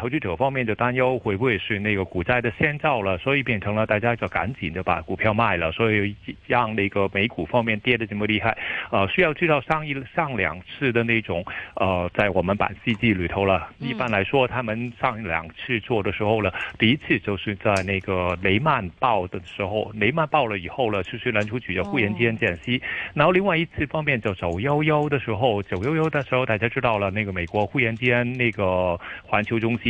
投資者方面就擔憂會不會是那個股災的先兆了，所以變成了大家就趕緊的把股票賣了，所以讓那個美股方面跌得這麼厲害。啊、呃，需要知道上一上兩次的那種呃，在我們把世紀裏頭了，一般來說他們上兩次做的時候呢，嗯、第一次就是在那個雷曼爆的時候，雷曼爆了以後呢，就是聯儲局就忽然間減息，哦、然後另外一次方面就九一一的時候，九一一的時候大家知道了那個美國忽然間那個環球中心。